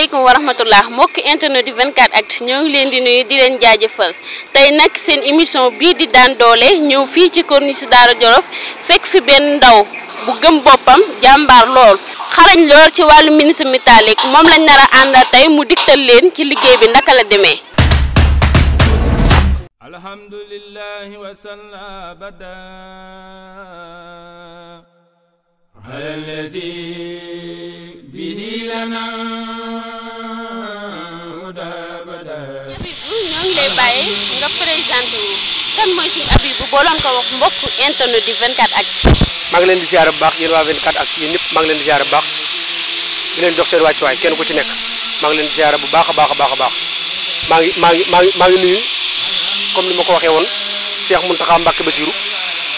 asalaamaaleykum wa rahmatullah mbokk internet di 24 actu ñoo ngi leen di nuyu di leen jaajëfal tey nag seen émission bii di daan doole ñëw fii ci corniche Daara Jolof fekk fi benn ndaw bu gëm boppam jàmbaar lool xarañ lool ci wàllu ministre métallique moom lañ nar àndal tey mu digtal leen ci liggéey bi naka la demee. alhamdulillahi wa salla bada ala waaye nga présenté wu kan mooy suñu Abibou boo leen ko wax mbokk internet di 24 actu. maa ngi leen di ziar bu baax yéen waa 24 actu yéen ñëpp maa ngi leen di ziar bu baax di leen jox seen wàccuwaay kenn ku ci nekk maa ngi leen di ziar bu baax baax a baax maa ngi maa ngi maa ngi maa ngi comme ni ma ko waxee woon Cheikh Mountakha ba Bassirou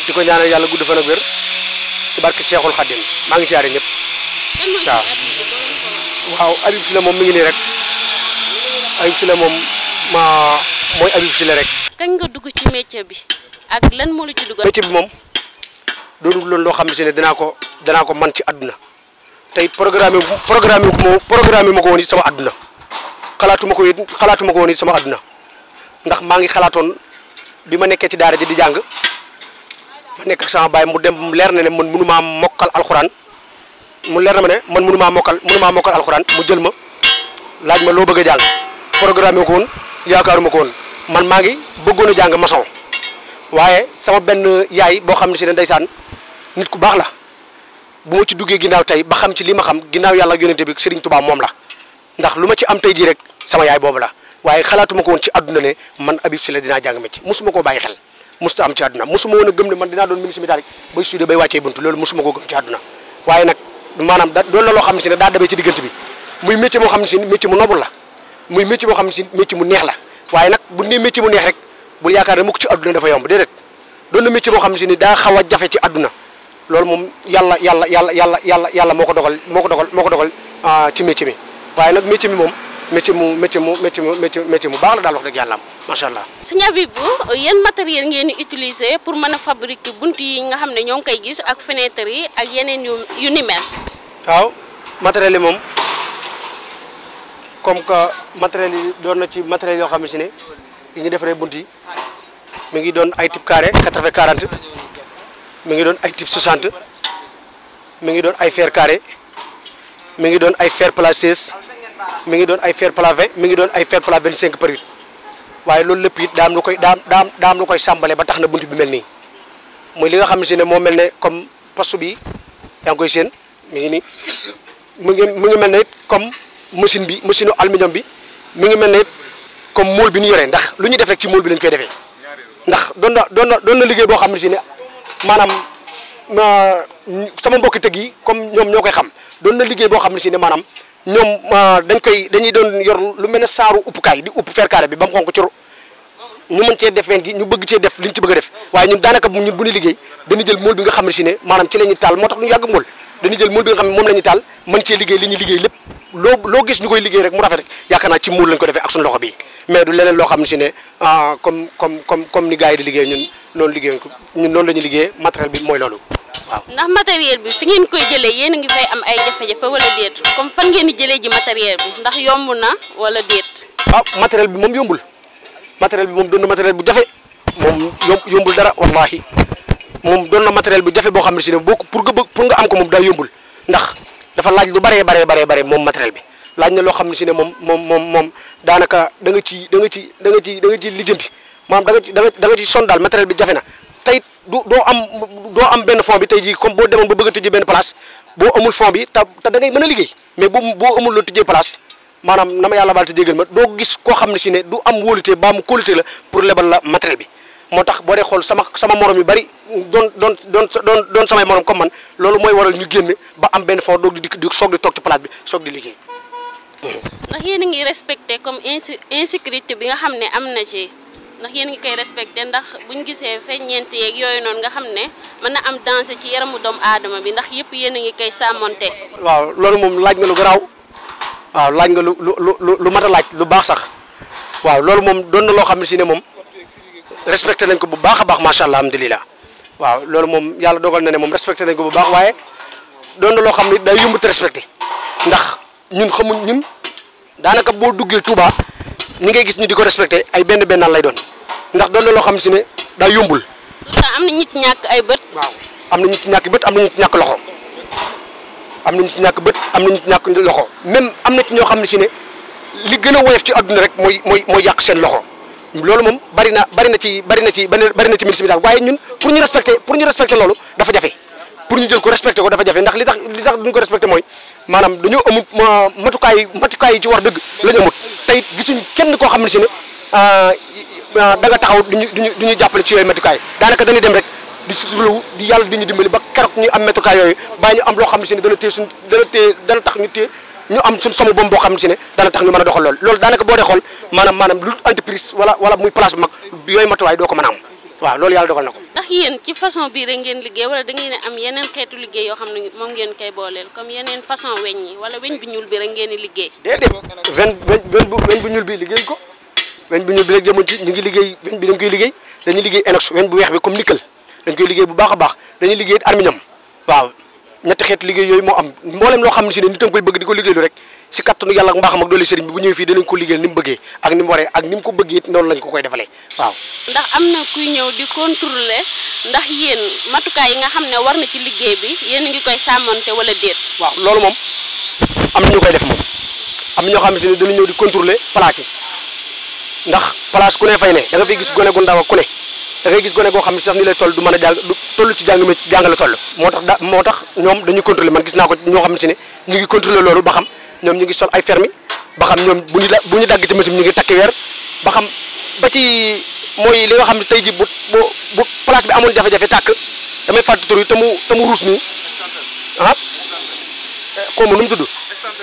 di ko ñaanal yàlla gudd fan ak wér ci barke Cheikhul Khadim maa ngi ziar ñëpp. waaw waaw Habib Sylla moom mi ngi nii rek Habib Sylla mooy Habib rek. kañ nga dugg ci métier bi ak lan moo la ci dugal. métier bi moom doonul loolu loo xam ne si ne danaa ko danaa ko man ci àdduna tey programme programme moo programme ma ko woon it sama àdduna xalaatu ko it xalaatu sama àdduna ndax maa ngi xalaatoon bi ma nekkee ci daara ji di jàng ma nekk ak sama baay mu dem mu leer na ne man mënu maa mokkal alxuraan mu leer na ma ne man mënu maa mokkal mënu maa mokkal alxuraan mu jël ma laaj ma loo bëgg a jàng programme ma ko woon yaakaaruma ko woon man maa ngi bëggoona a jàng maçon waaye sama benn yaay boo xam ne si ne ndeysaan nit ku baax la bu ma ci duggee ginnaaw tey ba xam ci li ma xam ginnaaw yàlla ak yonente bi Serigne Touba moom la ndax lu ma ci am tey jii rek sama yaay boobu la waaye xalaatuma ko woon ci àdduna ne man Habib Sylla dinaa jàng métier mosuma koo bàyyi xel mosut am ci àdduna mosuma woon a gëm ne dinaa doon mi daal bay sudee bay wàccee buntu loolu mosuma koo gëm ci àdduna waaye nag maanaam da doon la loo si ne daa demee ci diggante bi muy métier moo xam ne si métier mu nobul la muy métier moo xam ne si métier mu neex la waaye nag bu ne métier mu neex rek bu yaakaar ne mukk ci adduna dafa yomb déedéet doon na métier boo xam si ni daa xaw a jafe ci adduna lool moom yàlla yàlla yàlla yàlla yàlla yàlla moo ko dogal moo ko dogal moo ko dogal ah, ci métier mi waaye nag métier mi moom métier mu métier mu métier mu métier mu baax la daal wax dëgg yàlla am macha allah. Serigne Abibou yan matériel ngeen di utiliser pour mën a fabriquer bunt yi nga xam ne ñoo ngi koy gis ak fenêtre yi ak yeneen yu yu ni mel. matériel moom. comme que matériels yi doon na ci matériels yoo xam ne si ne yi ñu defaree bunt yi mi ngi doon ay type carré 80 40 ngi doon ay type 60 mu ngi doon ay fair carré mu ngi doon ay fer plat 16 mi ngi doon ay fair plat 20 mi ngi doon ay fer plat 25 par huit waaye loolu lépp it daam lu koy daam daam daam lu koy sàmbale ba tax na bunt bi mel nii muy li nga xam si ne moo mel ne comme poste bi yaa ngi koy seen mi ngi nii mu ngi mu ngi mel ne comme. machine bi machine aluminium bi mi ngi mel ne comme mool bi ñu yoree ndax lu ñu def rek ci mool bi lañ koy defee ndax doon na doon doon na liggéey boo xam ne si ne maanaam sama mbokki tëgg yi comme ñoom ñoo koy xam doon na liggéey boo xam ne si ne ñoom dañ koy dañuy doon yor lu mel ne saaru uppukaay di upp fer carré bi ba mu xonk ci ñu mën cee def wen a def waaye ñun daanaka ñun bu ñu liggéey dañu jël mool bi nga xam ne taal moo tax ñu yàgg mool dañuy jël mool bi nga xam ne moom la taal mën cee liggéey li ñuy liggéey lépp loo loo gis ñu koy liggéey rek mu rafet yaakaar naa ci muul lañ ko defee ak suñu loxo bii mais du leneen loo xam ne si ne ah, comme comme comme comme ni gars yi di liggéey ñun noonu liggéey ko ñun noonu la ñuy liggéey matériel bi mooy loolu waaw. ndax matériel bi fi ngeen koy jëlee yéen a ngi fay am ay jafe-jafe wala déet comme fan ngeen di jëlee ji matériel bi ndax yomb na wala déet. ah matériel bi moom yombul matériel bi moom doon na matériel bu jafe moom yombul dara wallahi moom doon na matériel bu jafe boo xam ne si ne boo pour nga pour nga am ko moom daa yombul ndax dafa laaj lu baree baree baree bare moom matériel bi laaj na loo xam ne si ne moom moom moom moom daanaka danga nga ci da nga ci danga nga ci da nga ci lijjanti maanaam da nga ci da nga da son daal matériel bi jafe na tey du doo am doo am benn fond bi tey jii comme boo demoon ba bëgg a tijji benn place boo amul fond bi te te da ngay mën a liggéey mais boo boo amul loo tijjee place maanaam na ma yàlla baal te jéggal ma doo gis koo xam ne si ne du am wóolute baa mu kóolute la pour lebal la matériel bi moo tax boo dee xool sama sama morom yu bari doon doon doon doon doon samay morom comme man loolu mooy waral ñu génn ba am benn foo doog di di soog di toog ci place bi soog di liggéey. ndax yéen a ngi respecté comme insi insécurité bi nga xam ne am na ci ndax yéen ngi koy respecté ndax bu ñu gisee ñeent yeeg yooyu noonu nga xam ne mën na am danger ci yaramu doomu aadama bi ndax yëpp yéen a ngi koy sàmmonte. waaw loolu moom laaj nga lu garaaw waaw laaj nga lu lu lu lu a laaj lu baax sax waaw loolu moom doon loo xam si ne moom. respecté nañ ko bu baax a baax macha allah alhamdulilah waaw loolu moom yàlla dogal na ne moom respecté nañ ko bu baax waaye doon na loo xam ne day yombut respecté ndax ñun xamuñ ñun daanaka boo duggee Touba ñi ngay gis ñu di ko respecté ay benn bennal lay doon ndax doon na loo xam si ne day yombul. am na ñu ci ñàkk ay bët. waaw am na ñu ci ñàkk bët am na ñàkk loxo am na ñu ci bët am na ñu ci ñàkk loxo même am na ci ñoo xam ne si ne li gën a woyof ci àdduna rek mooy mooy mooy yàq seen loxo. loolu moom bari na bari na ci bari na ci bari na ci ministre bi waaye ñun pour ñu respecter pour ñu respecter loolu dafa jafe pour ñu jël ko respecter ko dafa jafe ndax li tax li tax duñ ko respecter mooy maanaam dañoo amut matukaay matukaay yi ci war dëgg lañu amut tey gisuñ kenn koo xam ne si ne ah, ah, da nga taxaw duñu ñu du ñu jàppale ci yooyu matukaay daanaka dañuy dem rek di suturlawu di yàlla di ñu dimbali ba keroog ñu am matukaay yooyu baa ñu am loo xam ne si ne dana téye suñ dana téye ñu am suñ sama bom xam si ne dana ñu mën a doxal loolu loolu daanaka boo dee xool maanaam maanaam lu entreprise wala muy place bu mag yooyu matuwaay doo ko mën a am waaw loolu yàlla dogal na ko. ndax yéen ci façon bii rek yeneen xeetu liggéey yoo xam ne moom ngeen koy booleel comme yeneen façon weñ yi wala weñ bu ñuul bi liggéey. bi liggéey ko weñ bu ñuul bi rek jëmoon ci liggéey weñ liggéey dañuy weñ bu weex bi comme nickel dañ koy liggéey bu baax a baax dañuy liggéey aluminium waaw ñetti xeet liggéey yooyu moo am mboolem loo xam ne si ne nitam koy bëgg di ko liggéeylu rek si kattanu yàlla ak mbaaxam ak doole sëriñ bi bu ñëwee fii dinañ ko liggéeyal ni mu bëggee ak ni mu waree ak ni mu ko bëggee it noonu ko koy defalee waaw. ndax am na kuy ñëw di contrôler ndax yéen matukaay yi nga xam ne war na ci liggéey bi yéen ngi koy sàmmante wala déet. waaw loolu moom am na ñu koy def moom am na ñoo xam ne si ne danañ ñëw di contrôler place yi ndax place ku ne fay ne da gis gone gu ndaw ku ne da ngay gis gone koo xam ne sax ni lay toll du man a jàng du toll ci jàng mi ci jàng la toll moo tax da moo tax ñoom dañuy contrôler man gis naa ko ñoo xam si ne ñu ngi contrôler loolu ba xam ñoom ngi sol ay fermi ba xam ñoom bu ñu la bu ñu dagg ci machine ñu ngi takki weer ba xam ba ci mooy li nga xam ne tey ji bu bu bu place bi amoon jafe-jafe tàkk damay fàtte tur yi te mu te mu ruus nii ah xaw nu mu tudd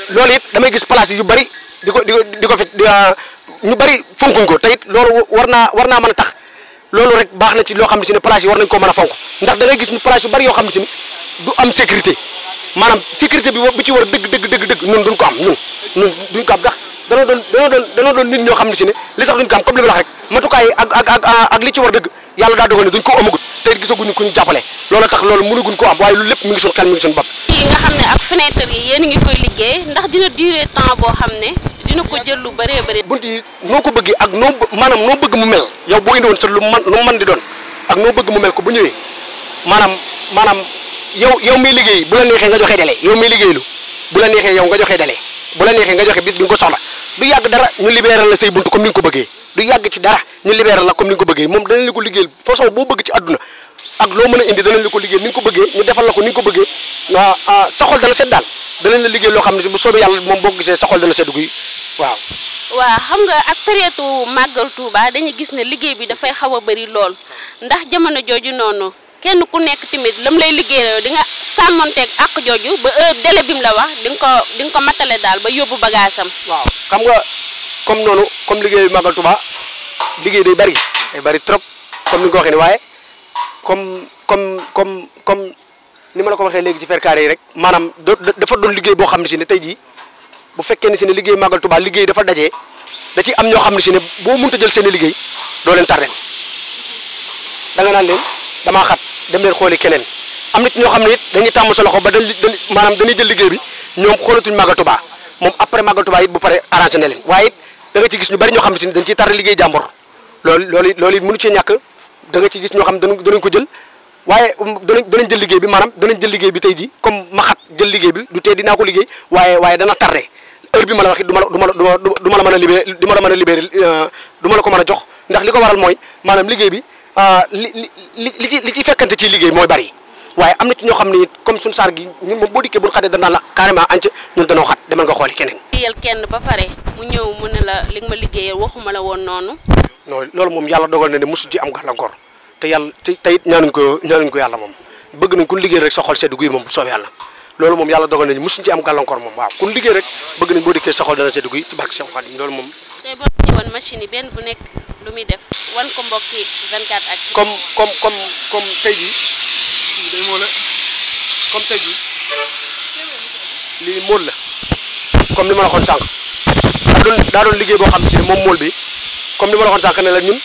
loolu it damay gis place yu bari di ko di di ko ah, ñu bari fonkuñ ko te it loolu war naa war naa mën a tax loolu rek baax na ci loo xam ne si ne place yi war nañ koo mën a fonk ndax da ngay gis ni place yu bari yoo xam ne si ni du am sécurité maanaam sécurité bi bi ci war dëgg dëgg dëgg dëgg ñun duñ ko am ñun ñun duñ ko am ndax danoo doon danoo doon nit ñoo xam ne si ne li sax duñ ko am comme li ma la wax rek matukaay ak ak ak ak li ci war dëgg yàlla daa dogal ne duñ ko amagut te gisaguñu ku ñu jàppale loolu tax loolu mënaguñ ko am waaye lu lépp mi ngi suñu xel mi ngi suñu bopp yi nga xam ne ak fenêtre yi yéen a ngi koy liggéey ndax dina durer temps boo xam ne dina ko jël lu baree bëri bunt yi noo ko bëggee ak noo maanaam noo bëgg mu mel yow boo indi woon sa lu man lu man di doon ak noo bëgg mu mel ko bu ñëwee maanaam maanaam yow yow miy liggéey bu la neexee nga joxe délai yow miy liggéey lu bu la neexee yow joxe délai bu la neexee nga joxe bis ko soxla du yàgg dara ñu libéral la say bunt comme ni nga ko bëggee du yàgg ci dara ñu libéral la comme ni nga ko bëggee moom danañ la ko liggéeyal façon boo bëgg ci àdduna ak loo mën a indi danañ la ko liggéeyal ni nga ko bëggee ñu defal la ko ni nga ko bëggee ah, sa xol dana sedd daal la liggéey loo xam ne bu soobee yàlla moom boo gisee sa xol dana sedd guy waaw waaw xam nga ak période màggal Touba dañu gis ne liggéey bi dafay xaw a bëri lool ndax jamono jooju noonu kenn ku nekk tamit lam lay liggéeyaloo di nga sàmmanteeg ak jooju ba heure délai bi mu la wax di nga ko di nga ko matale daal ba yóbbu bagaasam waaw xam nga comme noonu comme liggéeyu Magal Touba liggéey day bari day bari trop comme ni ko waxee waaye comme comme comme comme ni ma la ko waxee léegi ci fer rek maanaam dafa doon liggéey boo xam ne si ne tey jii bu fekkee ne liggéey Magal liggéey dafa dajee da ci am ñoo xam ne si ne boo mun mënta jël seen liggéey doo leen tardé da nga naan leen damaa xat dem leen xooli keneen am na ci ñoo xam ne it dañuy tàmm sa loxo ba dañ maanaam dañuy jël liggéey bi ñoom xoolatuñ Magal Touba moom après Magal Touba it bu pare arrangé na leen waaye it danga ci gis ñu bari ñoo xam ne dañ ciy tar liggéey jàmbor loolu loolu loolu it mënu ci ñàkk da nga ci gis ñoo xam ne danañ ko jël waaye um, danañ danañ jël liggéey bi maanaam danañ jël liggéey bi tey ji comme ma xat jël liggéey bi du tee dinaa ko liggéey waaye waaye dana tarre heure bi ma la wax du ma la du ma la du ma la mën a libéré du ma la a libéré euh, du ma la ko mën a jox ndax li ko waral mooy maanaam liggéey bi euh, li li li ci li ci fekkante ciy liggéey mooy bari waaye am na ci ñoo xam ne it comme suñu saar gi ñun moom boo dikkee buñ xatee danaa la carrément anc ñun danoo xat demal nga xooli keneen ba pare mu ñëw mu ne la li waxuma la woon noonu non loolu moom yàlla dogal na ne mosu ci am gàllankoor te yàlla te teyit ñaanuñ ko ñaanuñ ko yàlla moom bëgg nañ ku liggéey rek sa xol sedd guy moom bu soobee yàlla loolu moom yàlla dogal nañu mosuñ ci am gàllankoor moom waaw kun liggéey rek bëgg nañ boo dikkee sa xol dana kii day mool lii mool la comme li ma la waxoon sànq daa doon liggéey boo xam ne ci ne moom mool bi comme li ma la waxoon sànq ne la ñun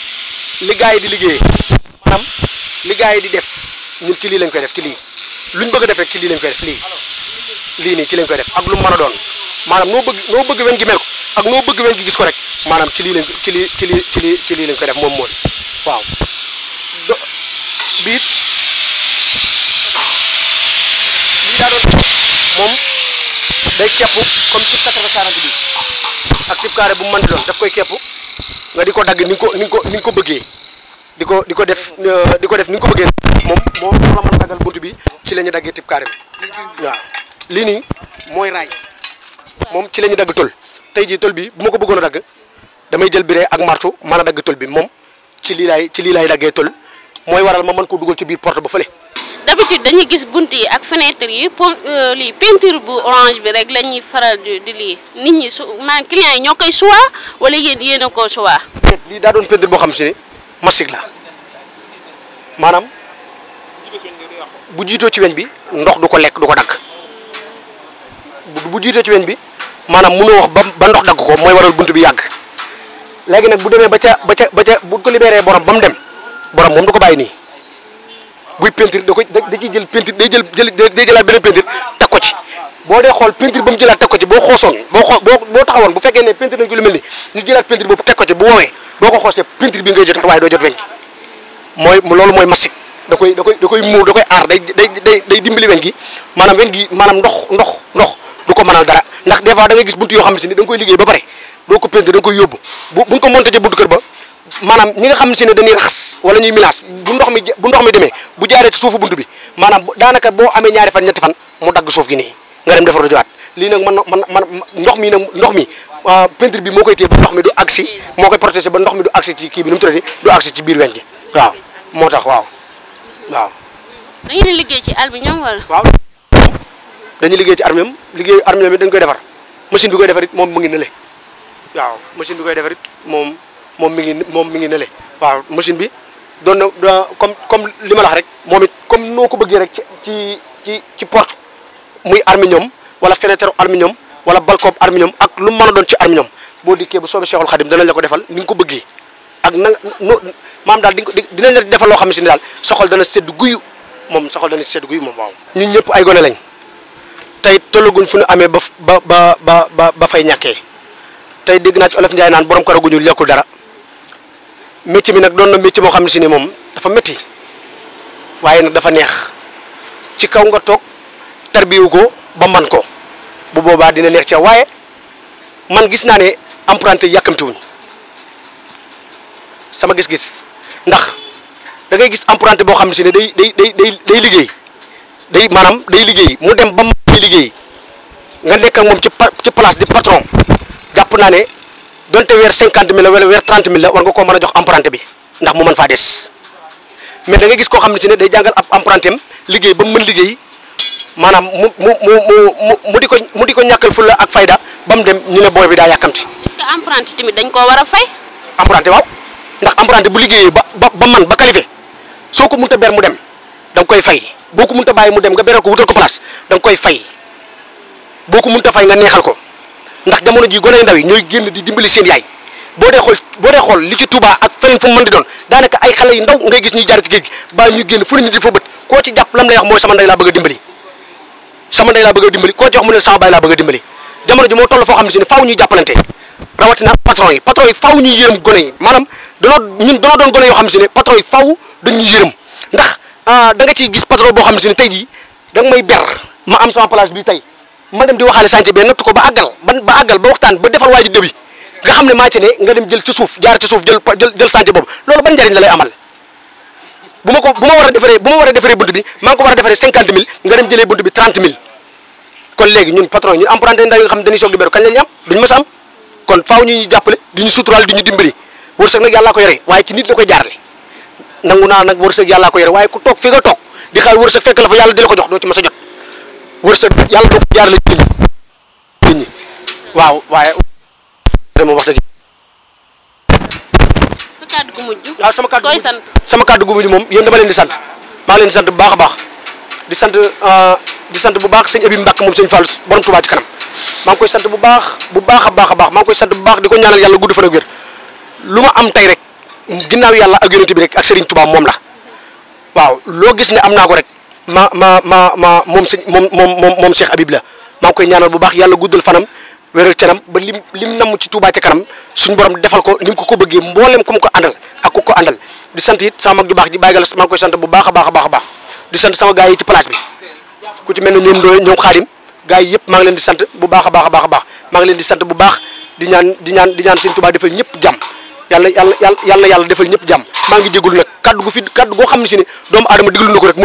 liggaay yi di liggéeyee maanaam li yi di def ñun ci lii lañ koy def ci lii luñ bëgg a def rek ci lii lañ koy def lii lii nii ci lañ koy def ak lu ma mën a doon maanaam noo bëgg noo bëgg wen gi mel ko ak noo bëgg wen gi gis ko rek maanaam ci lii lañ ci lii ci lii ci lii ci lii lañ koy def moom mool waaw do moom day kepp comme ci 80 40 bi ak cib kaare bu mu mën di doon daf koy kepp nga di ko dagg ni ko ni ko ni nga ko bëggee di ko di ko def euh, di ko def ni ko bëggee moom moo la mën a daggal bunt bi ci lañuy daggee cib kaare bi waaw lii nii mooy raay moom ci la ñu dagg tol tey jii tol bi bu ma ko bëggoon a dagg damay jël biree ak martu mën a dagg tol bi moom ci lii laay ci lii lay daggee tol mooy waral ma mën koo dugal ci biir port ba fële d'habitude dañuy gis bunt yi ak fenêtre yi pon euh, lii peinture bu orange bi rek lañuy faral di lii nit ñi su maanaam clients yi ñoo koy choix wala yéen yéen a koo choix. lii daa doon peinture boo xam si ne masik la maanaam bu jiitoo ci weñ bi ndox du ko lekk du ko dagg bu jiitoo ci weñ bi maanaam mënoo wax ba ba ndox dagg ko mooy waral bunt bi yàgg léegi nag bu demee ba ca ba ca ba ca bu ko libéré borom ba mu dem borom moom du ko bàyyi nii. buy peinture da koy da ciy jël peinture day jël day jëlaat beneen peinture teg ko ci boo dee xool peinture ba mu jëlaat teg ko ci boo xoosoon boo xoo boo taxawoon bu fekkee ne peinture nañ ko lu mel ni ñu jëlaat peinture boobu teg ko ci bu woowee boo ko xoosee peinture loolu mooy masik da koy da koy da koy muur da koy aar day day dimbali weñ maanaam weñ gi maanaam ndox ndox ndox du ko mënal dara ndax des fois da ngay gis buntu yoo ne si ni da nga koy liggéey ba pare doo ko peinture da nga koy yóbbu bu nga ko monté ca buntu kër ba maanaam ñi nga xam si ne dañuy raxas wala ñuy milaas bu ndox mi bu ndox mi demee bu jaaree ci suufu bunt bi maanaam daanaka boo amee ñaari fan ñetti fan mu dagg suuf gi nii nga dem defar du jowaat lii nag man man man ndox mi nag ndox mi ah, peinture bi moo koy téye ba ndox mi du agsi moo koy protéger ba ndox mi du agsi ci kii bi nu mu tuddati du agsi ci biir wen moo tax waaw waaw. da ngeen di liggéey ci aluminium wala. waaw dañuy liggéey ci aluminium liggéey aluminium yi dañ koy defar machine bi koy defar it moom mu ngi nële waaw machine bi koy defar it moom. moom mi ngi moom mi ngi nële waaw machine bi doon na comme comme li ma wax rek moom it comme noo ko bëggee rek ci ci ci ci porte muy aluminium wala fenêtre aluminium wala balcon aluminium ak lu mën a doon ci aluminium boo dikkee bu soobee Cheikhul Khadim danañ la ko defal ni nga ko bëggee ak na no maam daal di dinañ la defal loo xam ne si ne daal soxol dana sedd guyu moom soxal dana sedd guyu moom waaw ñun ñëpp ay gone lañ tey tolluguñ fu ñu amee ba ba ba ba ba fay ñàkkee tey dégg naa ci olof Njaay naan borom karaguñu lekkul dara métti mi nag doon na métti moo xam ne si ne moom dafa metti waaye nag dafa neex ci kaw nga toog tarbiwu ko ba man ko bu boobaa dina neex ci waaye man gis naa ne emprunté yàkkamtiwuñ sama gis-gis ndax dangay gis emprunté boo xam ne si ne day day day day day liggéey day maanaam day liggéey mu dem ba mu liggéey nga nekk ak moom ci ci place di patron jàpp naa ne. donte weer cinquante mille la wala weer trente mille la war nga ko mën a jox emprunté bi ndax mu mën faa des mais da gis koo xam ne si ne day jàngal ab emprunté liggéey ba mu mën liggéey maanaam mu mu mu mu mu di ko mu di ko ñàkkal fulla ak fayda ba mu dem ñu ne booy bi daa yàkkamti. est-ce que emprunté dañ koo war a fay. emprunté waaw ndax emprunté bu liggéeyee ba ba ba man ba qualifié soo ko mënta ber mu dem da koy fay boo ko mënta bàyyi mu dem nga beral ko wutal ko place da nga koy fay boo ko mënta fay nga neexal ko. ndax jamono ji gone ndaw yi ñooy génn di dimbali seen yaay boo dee xool li ci Touba ak feneen fu mu di doon daanaka ay xale yu ndaw ngay gis ñuy jaar ci géej gi ba ñu génn fu ñu di fa bët koo ci jàpp lam lay wax mooy sama ndey laa bëgg a dimbali sama ndey laa bëgg a dimbali koo ci wax mu ne sama baay laa bëgg a dimbali jamono ji moo toll foo xam ne si ne faaw ñuy jàppalante rawatina patron yi patron yi faw ñuy yërëm gone yi maanaam danoo ñun danoo doon gone yoo xam si ne patron yi faaw dañuy yërëm ndax ah, da nga ciy gis patron boo xam si ne tey jii da may ber ma am sama place bi tey ma dem di waxaale chantier bi natt ko ba àggal ba àggal ba waxtaan ba defal waaju dëwi nga xam ne maa ci ne nga dem jël ci suuf jaar ci suuf jël jël chantier boobu loolu ban njariñ la lay amal bu ma ko bu ma war a defaree bu ma war a defaree bunt bi maa ngi ko war a defaree nga dem jëlee bunt bi trente mille kon léegi ñun patron ñun emprunté ndaw nga xam ne dañuy soog di beru kañ la ñu am duñu mas am kon faaw ñu ñu jàppale di ñu suturaal di ñu dimbali wërsëg nag ko waaye ci nit la koy naa nag wërsëg yàllaa a jot wërsëg yàlla du ko jaarale waaw waaye wax dëgg sa kàddu gu mujj waaw sama kàddu koy sant sama kàddu gu mujj moom yéen dama leen di sant maa ngi leen di sant bu baax a baax di sant euh, di sant bu baax sëñ Abi Mbàkke moom sëñ Fall borom Touba ci kanam maa ngi koy sant bu baax bu baax a baax a baax maa koy sant bu baax di ko ñaanal yàlla gudd fan ak wér lu ma am tey rek ginnaaw yàlla ak yonent bi rek ak Serigne Touba moom la waaw loo gis ne am naa ko rek ma ma ma ma moom sëñ moom moom moom Cheikh Habib la maa ngi koy ñaanal bu baax yàlla guddal fanam wéral canam ba lim lim namm ci Touba ca kanam suñu borom defal ko ni mu ko ko bëggee mboolem ku mu ko àndal ak ku ko àndal di sant it sama mag ju baax ji bàyyi gal maa ngi koy sant bu baax a baax a baax a baax di sant sama gars yi ci place bi ku ci mel ne ñoom dooy ñoom xaadim gars yi yëpp maa ngi leen di sant bu baax a baax a baax a baax maa ngi leen di sant bu baax di ñaan di ñaan di ñaan sëñ Touba defal ñëpp jàmm yàlla yàlla defal ñëpp jàmm maa ngi jégalu nag kaddu gu xam ne si ne doomu aadama diglu na ko rek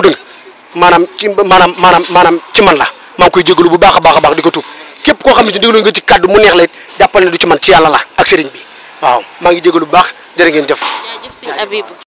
maanaam ci maanaam maanaam maanaam ci man la maa ngi koy jégalu bu baax a baax a baax di ko tuub képp koo xam ne si nga ci kàddu mu neex la it jàppal ne du ci man ci yàlla la ak sëriñ bi waaw maa ngi jégalu bu baax jërë ngeen jëf.